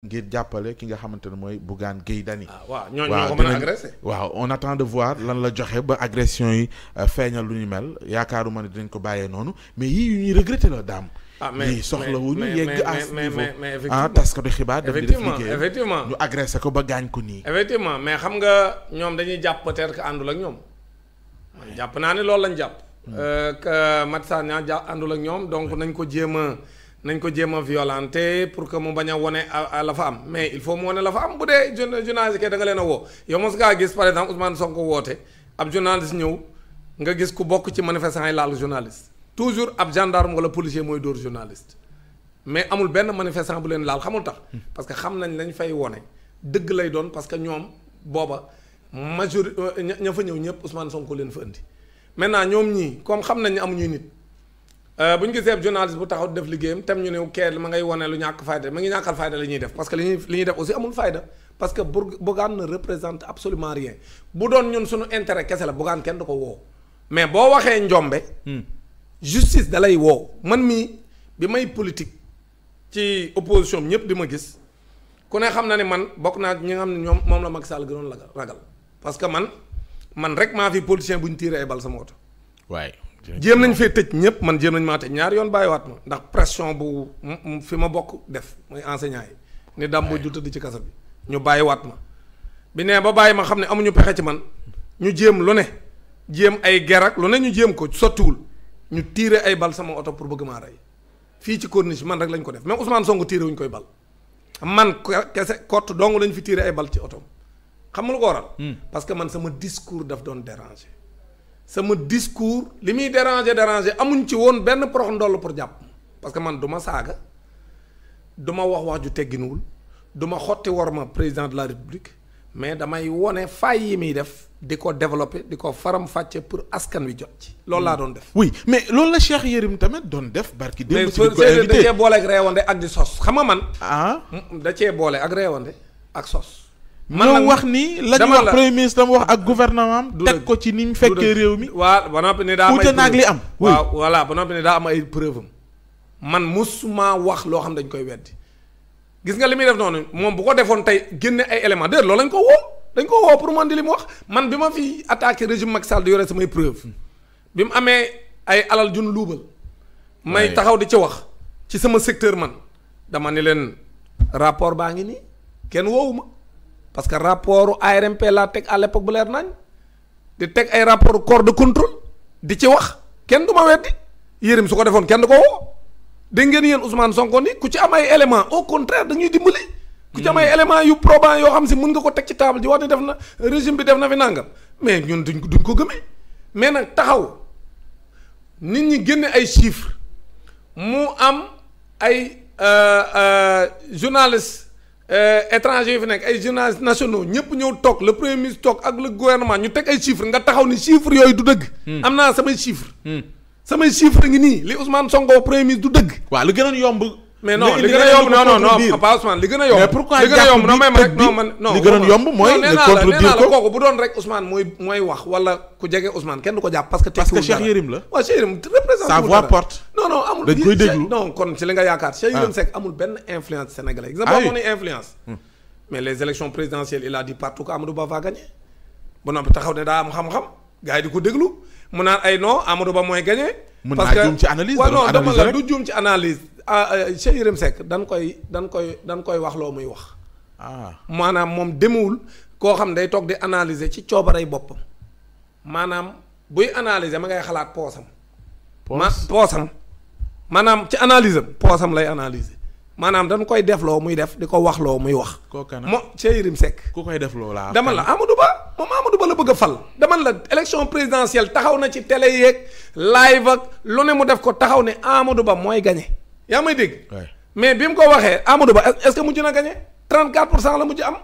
ngir jàppale ki nga xamante ne mooy Bougane Gueye Dany. Ah, waaw ñooñu ñoo ko mën a agressé waaw on attend de voir lan la joxe ba agression yi euh, feeñal lu ñu mel yaakaaruma ne dinañ ko bàyyee noonu mais yii yu ñuy regretté la ah, soxla wu ñu yegg à ce niveau ah taskatu xibaar. daf di def liggéey effectivement nii. effectivement mais xam nga ñoom dañuy jàpp peut-être que àndul ak ñoom. man jàpp naa ne lool lañ jàpp. Hmm. Euh, que Matia Niang àndul ak ñoom donc nañ ko jéem a nañ ko jéem a violenter pour que mu bañ a wone la fa am mais il faut mu wone la fa am bu dee journaliste kay da nga leen a woo yow mos ngaa gis par exemple Ousmane Sonko woote ab journaliste ñëw nga gis ku bokk ci manifestant yi laal toujours ab gendarme wala policier mooy dóor journaliste mais amul benn manifestant bu leen laal xamul tax parce que xam nañ lañ fay wone dëgg lay doon parce que ñoom booba majour euh, ña fa ñëw ñëpp Ousmane Sonko leen fa indi maintenant ñoom ñii comme xam nañ ne amuñuy nit Euh, bu ñu gisee journaliste bu taxaw def liggéeyam tam ñu ne kee ma ngay wane lu ñàkk fayda ma ngi ñàkkal fayda la ñuy def parce li ñuy def aussi amul fayda parce que Bougane représente absolument rien bu doon ñun suñu intérêt kese la Bougane kenn du ko woo mais boo waxee njombe hmm. justice dalay woo man mii bi may politique ci opposition ñëpp di ma gis ku ne xam na ne man bokk naa ñi am xam ne ñoom moom la Macky Sall gënoon la ragal parce que man man rek maa fi politicien bu ñu tiiree bal sama oto waaye jéem nañ fee tëj ñëpp man jéem nañ maa tëj ñaar yoon bàyyiwaat ma ndax pression bu fi ma bokk def muy enseignant yi ni dàmbo du tëdd ci kasa bi ñu bàyyiwaat ma bi nee ba bàyyi ma xam ne amuñu pexe ci man ñu jéem lu ne jéem ay ger ak lu ne ñu jéem ko sottiwul ñu tiire ay bal sama oto pour bëgg maa rey fii ci corniche man rek lañ ko def même Ousmane Sonko tiire wuñ koy bal man kese kott dong lañ fi tiire ay bal ci oto xam nga lu ko waral hmm. parce que man sama discours daf doon déranger sama discours li muy dérangé dérangé amuñ ci woon benn prox ndoll pour jàpp parce que man du ma saaga du wax wax ju tegginuwul du ma xotti war ma président de la république mais damay wone fay yi muy def di ko développer di ko faram-fàcce pour askan wi jot ci. loolu laa doon def. oui mais loolu la Cheikh Yérim tamit doon def. barki démb ci ko invité da cee boole ak reewande ak di sos xam nga man. ah da cee boole ak reewande ak sos. man wax ni la ñu wax premier ministre dama wax ak gouvernement teg ko ci ni mu fekkee réew mi. waaw ba noppi ne daa am ay naag li am. waaw voilà ba noppi ne daa am ay preuve am man ma wax loo xam dañ koy weddi gis nga li muy def noonu moom bu ko defoon tey génne ay éléments d'ailleurs loolu lañ ko woo dañ koo woo pour man di li mu wax man bi ma fi attaqué régime Macky Sall di yore samay preuve bi mu amee ay alal jun luubal. may taxaw di ci wax ci sama secteur man dama ni leen rapport baa ngi nii kenn woowu ma parce que rapport ARMP laa teg à l'époque bu leer nañ di teg ay rapport corps de contrôle di ci wax kenn du ma weddi yérim su ko defoon kenn du ko woo dégg ngeen yéen Ousmane Sonko ni ku ci am ay élément au contraire dañuy dimbali ku ci am ay hmm. élément yu probant yoo xam si mën nga ko teg ci table ji wax ni def na régime bi def na fi nangam mais ñun duñ duñ ko gëmee mais nag taxaw nit ñi génne ay chiffres mu am ay euh, euh, journaliste Euh, étranger yi fi nekk ay journalistes nationaux ñëpp ñëw toog le premier ministre toog ak le gouvernement ñu teg ay chiffres nga taxaw ni chiffres yooyu du dëgg. Hmm. am naa samay chiffres. Hmm. samay chiffres ngi nii li Ousmane Sonko premier ministre du dëgg. waaw lu gënoon yomb. mais non li gën a yomb non non non Papa Ousmane li gën a yomb. mais pourquoi jàpp bi non li gën a yomb mooy. nga contredire ko kooku bu doon rek Ousmane mooy mooy wax wala ku jege Ousmane kenn du ko jàpp parce que. parce que Cheikh Yérim la. waaw Cheikh Yérim représente sa voix porte. non non amul dañ koy déglu non kon ci li nga yaakaar. Cheikh Yérim ah. Seck amul benn influence sénégalais. exemple ah amoon na influence. Hmm. mais les élections présidentielles il a dit partout que Amadou Ba va gagner. ba noppi taxaw ne daa am xam-xam gars yi di ko déglu mu naan ay non Amadou Ba mooy gagner. parce que mën naa juum ci analyse. dama la du juum ci analyse Ah, ah, Cheikh Yérim Seck dañ koy dañ koy dañ koy wax loo muy wax. Ah. maanaam moom demewul koo xam day toog di analyser ci coobaray boppam maanaam buy analyser ma ngay xalaat poosam. ma poosam. maanaam ci analyse am poosam lay analyser maanaam dañ koy defloo muy def di ko waxloo muy wax. kooka nag moom Cheikh Yérim Seck. ku koy defloo laa. dama la Amadou Ba moom Amadou Ba la bëgg fal. dama la élection présidentielle taxaw na ci télé yeeg live ak lu ne mu def ko taxaw ne Amadou Ba mooy gagné. yaa may dégg. mais bi mu ko waxee Amadou Ba est-ce que mujj na gagné 34 pour cent la mujj am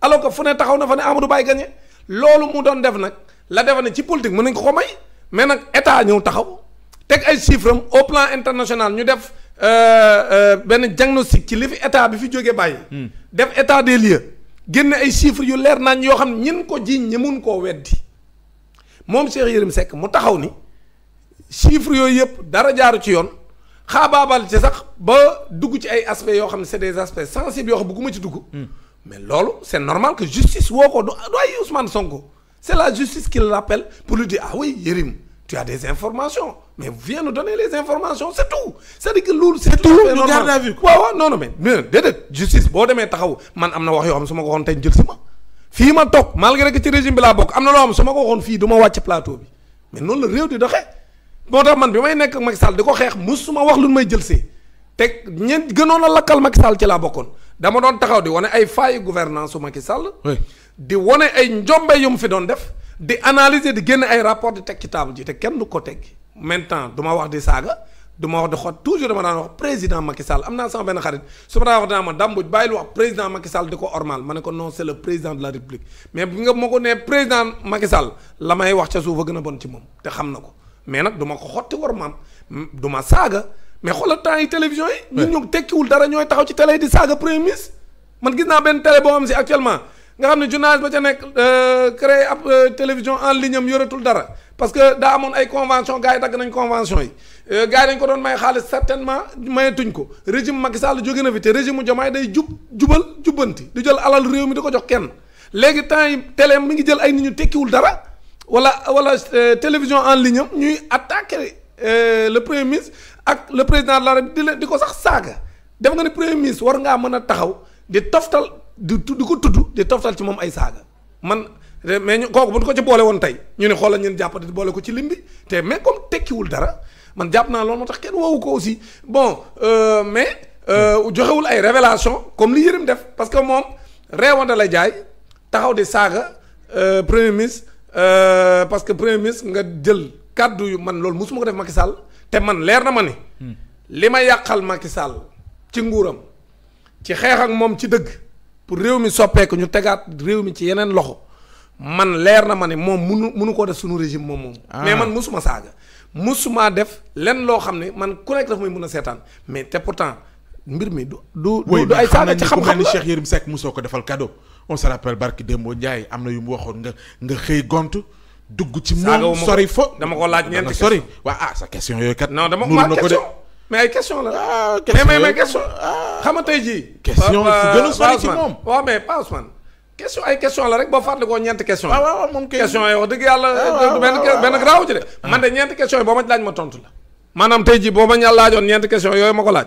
alors que fu ne taxaw na fa ne Amadou bay gagné loolu mu doon def nag la defe ne ci politique mën nañ ko ko may mais nag état ñëw taxaw teg ay chiffres am au plan international ñu def euh, euh, benn diagnostic ci li fi état bi fi jógee bàyyi. Hmm. def état des lieux génne ay chiffres yu leer nañ yoo xam ñin ko jiiñ ñi mun koo weddi moom Cheikh Yérim sekk mu taxaw ni chiffres yooyu yëpp dara jaaru ci yoon. xaabaabal ci sax ba dugg ci ay aspects yoo xam ne c'est des aspects sensibles yoo xam bëgguma ci dugg. Hmm. mais loolu c'est normal que justice woo ko do ay Ousmane Sonko c'est la justice qui l'appelle pour lui dire ah oui Yérim tu as des informations mais viens nous les informations c'est c'est-à-dire loolu c'est mais taxaw man am na wax yoo ma ko waxoon tey jël si ma fii ma toog malgré que ci régime bi laa bokk am na loo noonu la réew di doxee moo tax man bi may nekk Macky Sall di ko xeex musuma wax lu may jël see te ñeent gënoon la lakkal Macky Sall ci laa bokkoon dama doon taxaw di wane ay failles gouvernance su Macky Sall. di wane ay njombe yu mu fi doon def. di analyser di génne ay rapport di teg ci ji te kenn du ko teg maintenant du ma wax di saaga du ma wax di xot toujours dama daan wax président Macky Sall am naa sama benn xarit su ma daan wax dinaa ma dàmbuj bàyyil wax président Macky ma ne ko non c'est président la République mais nga ma ko nee président Macky la may wax ca suuf a gën a bon ci moom te xam na ko. mais nag du ko xotti war maam du ma saaga mais xoolal temps yi télévision yi. ñun ñu tekkiwul dara ñooy taxaw ci tele di saaga premier ministre. man gis naa benn télé boo xam si actuellement nga xam ne journaliste ba ca nekk euh, créé ab euh, télévision en ligne am yoratul dara parce que daa amoon ay convention gars yi dagg nañ convention yi. Euh, gars yi dañ ko doon may xaalis certainement mayetuñ ko régime Macky Sall jóge na fi te régime mu day jub jubal jubbanti di jël alal réew mi di ko jox kenn léegi temps yi télé mi ngi jël ay nit ñu tekkiwul dara. wala wala euh, télévision en ligne am ñuy attaquer euh, le premier ministre ak le président de la République di leen di ko sax saaga def nga ni premier ministre war ngaa mën a taxaw di toftal di di ko tudd di toftal ci moom ay saaga man mais ñu kooku bu ñu ko ci boole woon tey ñu ne xoola xoolal ñun di boole ko ci lim te mais comme tekkiwul dara man jàpp naa loolu moo tax kenn woowu ko aussi bon euh, mais joxewul ay révélation comme li Yërim def parce que moom réewante la jaay taxaw di saaga premier ministre. Euh, parce que premier ministre nga jël kàddu yu man loolu mosuma ko def Macky Sall te man leer na ma ni. Hmm. li ma yàqal Macky sàll ci nguuram ci xeex ak moom ci dëgg pour réew mi soppeeku ñu tegaat réew mi ci yeneen loxo man leer na ma ne moom munu munu koo def sunu régime moom moom. Ah. mais man mosuma saaga. mosuma def lenn loo xam ne man ku nekk daf may mun a seetaan mais te pourtant mbir mi du. du du ay saaga ci xam-xam la Cheikh Yérim Seck mosoo ko defal cadeau. on se rappelle barki Dembo Ndiaye am na yu mu waxoon nga nga xëy gont dugg ci moom sori fo dama ko laaj ñeenti ah, question la ah question mais mais question ah. xam nga tey jii question a sori ci moom waaw mais pas man question ay question la rek boo fàttali ah, ko yi wax ma laaj ma tontu la maanaam tey jii boo ma ñaa laajoon ñeenti question yooyu ma ko laaj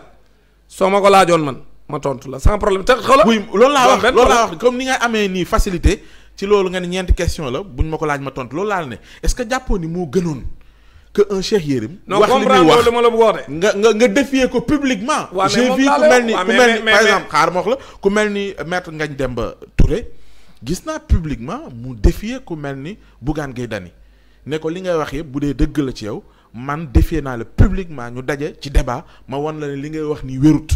soo ma ko laajoon man ma tontu la sans problème te xoolal. oui loolu laa wax loolu laa wax comme ni nga amee nii facilité ci loolu nga ne ñeenti question la buñ ma ko laaj ma tontu loolu laa ne est-ce que ni moo gënoon. que un Cheikh Yérim. wax li muy ma la woote. nga nga nga défier ko publiquement. waaw mais mel ni ku mel ni par exemple xaar ma wax la ku mel ni ngañ dem ba Touré gis naa publiquement mu défier ku mel ni Bougane Gueye Dany ne ko li ngay wax yëpp bu dee dëgg la ci yow man défier naa la publiquement ñu daje ci débat ma wan la li ngay wax ni wérut.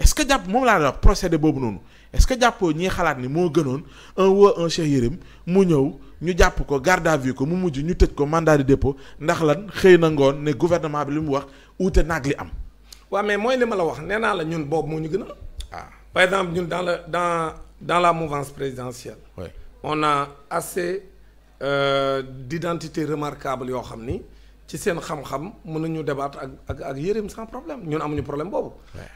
est-ce que jàpp moom laa la procédé boobu noonu est-ce que jàppoo ñiy xalaat ni moo gënoon un woo un Cheikh Yérim mu ñëw ñu jàpp ko garde à vue ko mu mujj ñu tëj ko mandat de dépôt ndax lan xëy na ngoon ne gouvernement bi li mu wax ute naag li am. waaw mais mooy li ma la wax nee naa la ñun boobu moo ñu gën a. Ah. waaw par exemple ñun dans la dans dans la mouvance présidentielle. on a assez euh, d'identité remarquable yoo xam ni. ci seen xam-xam mën nañu débattre ak ak ak Yérim sans problème ñun amuñu problème boobu.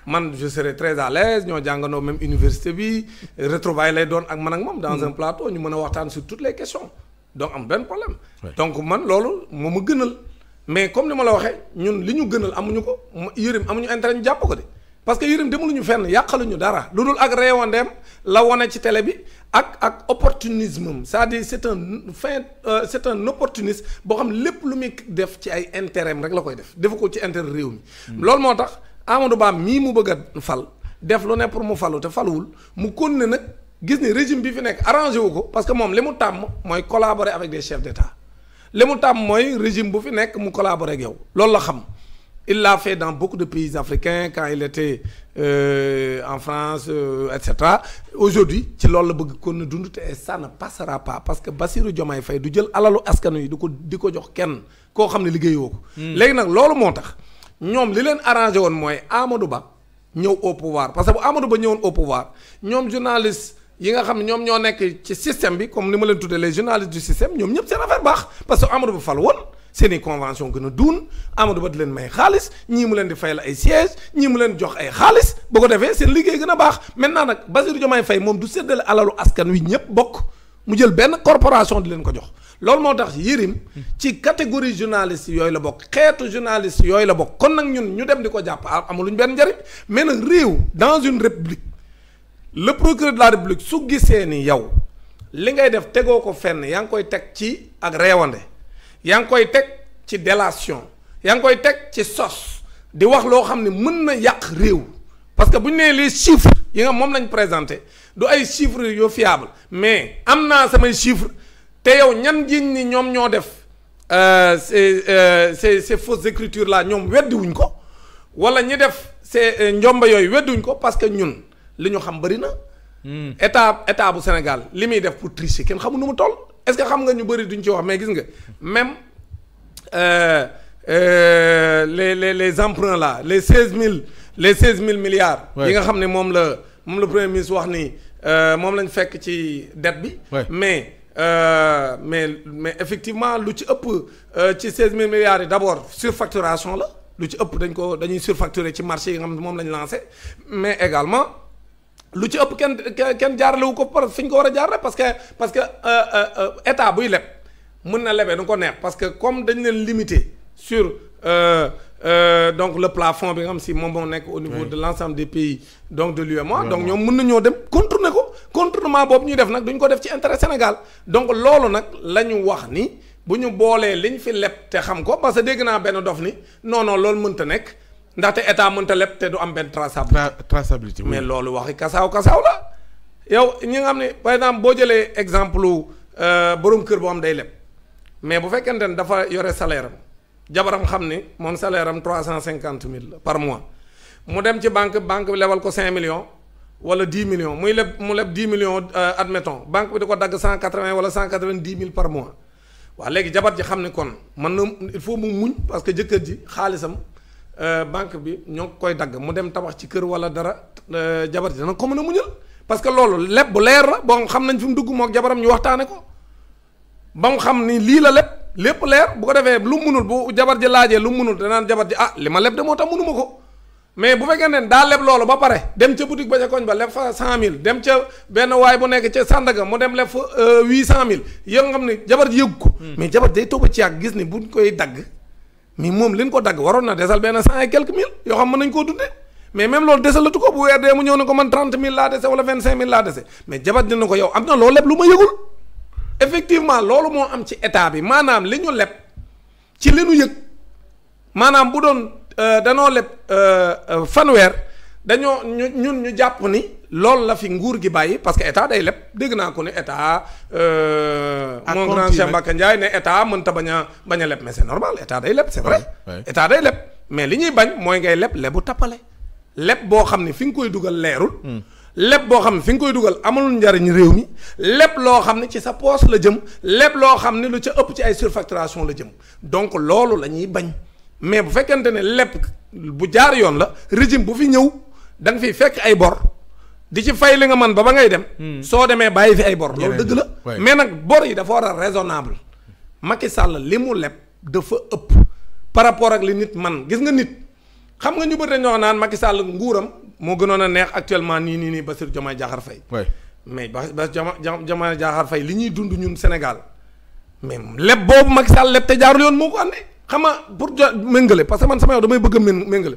man je serai très à l'aise ñoo jàngandoo même université bi retrouvailles lay doon ak man ak moom. dans mm. un plateau ñu mën a waxtaan sur toutes les questions donc am benn problème. donc man loolu moom ma gënal. mais comme ni ma la waxee ñun li ñu gënal amuñu ko Yérim amuñu intérêt ñu jàpp ko de. parce que Yérim ñu fenn yàqaluñu dara lu dul ak réewandeem la wane ci télé bi ak ak opportunisme c'est-à-dire c'est un fin euh, c'est un boo xam lépp lu muy def ci ay intérêt rek la koy def defu ko ci intere réew mi. Hmm. loolu moo tax Amadou Ba mii mu bëgg a fal def lu ne pour mu falu te faluwul mu kon ne nag gis ni régime bi fi nekk arrangé wu ko parce que moom li mu tàmm mooy collaborer avec des chefs d'État li mu tàmm mooy régime bu fi nekk mu collaborer yow loolu la xam. Il l'a fait dans beaucoup de pays africains quand il était euh, en France euh, et cetera aujourd'hui ci loolu la bëgg kon na dund te ça ne passera pas parce que Bassirou Diomaye Faye du jël alalu askan wi du ko di ko jox kenn koo xam ne liggéeyoo ko. Hmm. léegi nag loolu moo tax ñoom li leen arrangé woon mooy Amadou Ba ñëw au pouvoir parce que bu Amadou Ba ñëwoon au pouvoir ñoom journaliste yi nga xam ñoom ñoo nekk ci système bi comme ni ma leen tuddee les journalistes du système ñoom que Amadou Ba fal woon. seen i convention gën a duun Amadou Ba di leen may xaalis ñii mu leen di fayal ay sièges ñii mu leen jox ay xaalis bu ko defee seen liggéey gën a baax maintenant nag Bassirou Diomaye Faye moom du séddale alalu askan wi ñëpp bokk mu jël benn corporation di leen ko jox loolu moo tax Yérim ci catégorie journaliste yooyu la bokk xeetu journaliste yooyu la bokk kon nag ñun ñu dem di ko jàpp amuluñ benn njariñ mais nag réew dans une république le procureur de la république su gisee yow li ngay def tegoo ko fenn yaa ngi koy teg ci ak réewande yaa ngi koy teg ci délation yaa ngi koy teg ci sos di wax loo xam ne mën na yàq réew parce que bu ñu nee les chiffres yi nga moom lañ présenté du ay chiffres yu fiable mais am naa samay chiffres te yow ñan jiñ ni ñoom ñoo def euh, ces euh, ces ces fausses écritures là ñoom weddiwuñ ko wala ñi def ces euh, njomba yooyu weddiwuñ ko parce que ñun li ñu xam bëri na. Hmm. état état bu Sénégal li muy def pour tricher kenn xamu nu mu toll. est-ce que xam nga ñu bëri duñ ci wax mais gis nga même euh, euh, les les les emprunts les seize milles les seize mille milliards. yi nga xam ne moom la moom la premier ministre wax ni euh, moom lañ fekk ci dette bi. mais euh, mais mais effectivement lu ci ëpp euh, ci seize mille milliards yi d'abord surfacturation la lu ci ëpp dañ ko dañuy surfacturer ci marché yi nga xam ne moom lañ lancé mais également. lu ci ëpp kenn kenn jaarale wu ko par fi ñu ko war a jaarale parce que parce que euh, euh, état buy leb mën na lebee nu ko neex parce que comme dañ leen limité sur euh, euh, donc le plafond bi nga xam si moom moom nekk au niveau de l' ensemble des pays donc de l'UEMOA donc ñoom mën nañoo dem contourner ko contournement boobu ñuy def nag duñ ko def ci intérêt Sénégal donc loolu nag la ñu wax ni bu ñu boolee liñ fi leb te xam ko parce que dégg naa benn dof ni non loolu mënta nekk ndaxte état mënta leb te du am benn traçabilité traçabilité mais loolu waxi kasaaw kasaaw la yow ñi nga xam ne par exemple boo jëlee exemple euh, borom kër boo am day leb mais bu fekkente ne dafa yore salaire am jabaram xam ni moom salaire am trois cent cinquante mille par mois mu dem ci banque banque bi lebal ko cinq millions wala dix millions muy leb mu leb dix millions euh, admettons banque bi di ko dagg cent quatre vingt wala cent quatre vingt dix mille par mois waa léegi ji xam ni kon mën na il faut mu muñ que jëkkër ji xaalisam Euh, banque bi ñoo koy dagg mu dem tabax ci kër wala dara euh, jabar ji dana ko mën a muñal parce que loolu leb bu leer la boo xam nañ fi mu dugg mook jabaram ñu waxtaane ko ba mu xam ni lii la leb lépp leer bu ko defee lu munul bu jabar ji laajee lu munul danaan jabar ji ah li ma leb de moo tax munuma ko mais bu fekkee ne daa leb loolu ba pare dem ca boutique ba ca koñ ba leb fa cent mille dem ca benn waay bu nekk ca Sandaga mu dem leb fa euh, huit cent mille yow xam ne jabar ji yëggu ko hmm. mais jabar day toog ci ak gis ni buñ koy dagg mais moom leen ko dagg waroon na desal benn cent et quelques mille yoo xam mën nañ koo dundee mais même loolu desalatu ko bu weer dee mu ñëw ne ko man trente mille laa dese wala vingt cinq mille laa dese mais jabat dina ko yow am na loo leb lu ma yëgul effectivement loolu moo am ci état bi maanaam li ñu leb ci li ñu yëg maanaam bu doon euh, danoo leb euh, euh, fanweer dañoo ñu ñu jàpp ni loolu la fi nguur gi bàyyi parce que état day leb dégg naa ko ni état mon grand Cheikh Mbacke Ndiaye ne état mënta bañ a bañ a leb mais c'est état day leb c'est vrai état day leb mais li ñuy bañ mooy ngay leb lebu tappale leb boo xam ne fi nga koy dugal leerul hmm. lépp boo xam ne fi nga koy dugal amul njariñ réew mi lépp loo xam ne ci sa poche la jëm lépp loo xam ne lu ci ëpp ci ay surfacturation la jëm donc loolu la ñuy bañ mais bu fekkente ne lépp bu jaar yoon la régime bu fi ñëw da nga fiy fekk ay bor di ci fay li nga man ba ba ngay dem. Hmm. soo demee bàyyi fi ay bor. loolu dëgg la mais nag bor yi dafa war a raisonnable. Macky Sall li mu leb dafa ëpp par rapport ak li nit man gis nga nit xam nga ñu bëri ñoo naan Macky Sall nguuram moo gënoon a neex actuellement nii nii nii Bassirou Diomaye Diakhar Faye. mais ba ba Diomaye Diakhar Faye li ñuy dund ñun Sénégal mais leb boobu Macky Sall leb te jaarul yoon moo ko àndee xam nga pour jo méngale parce que man sama yow damay bëgg a méngale.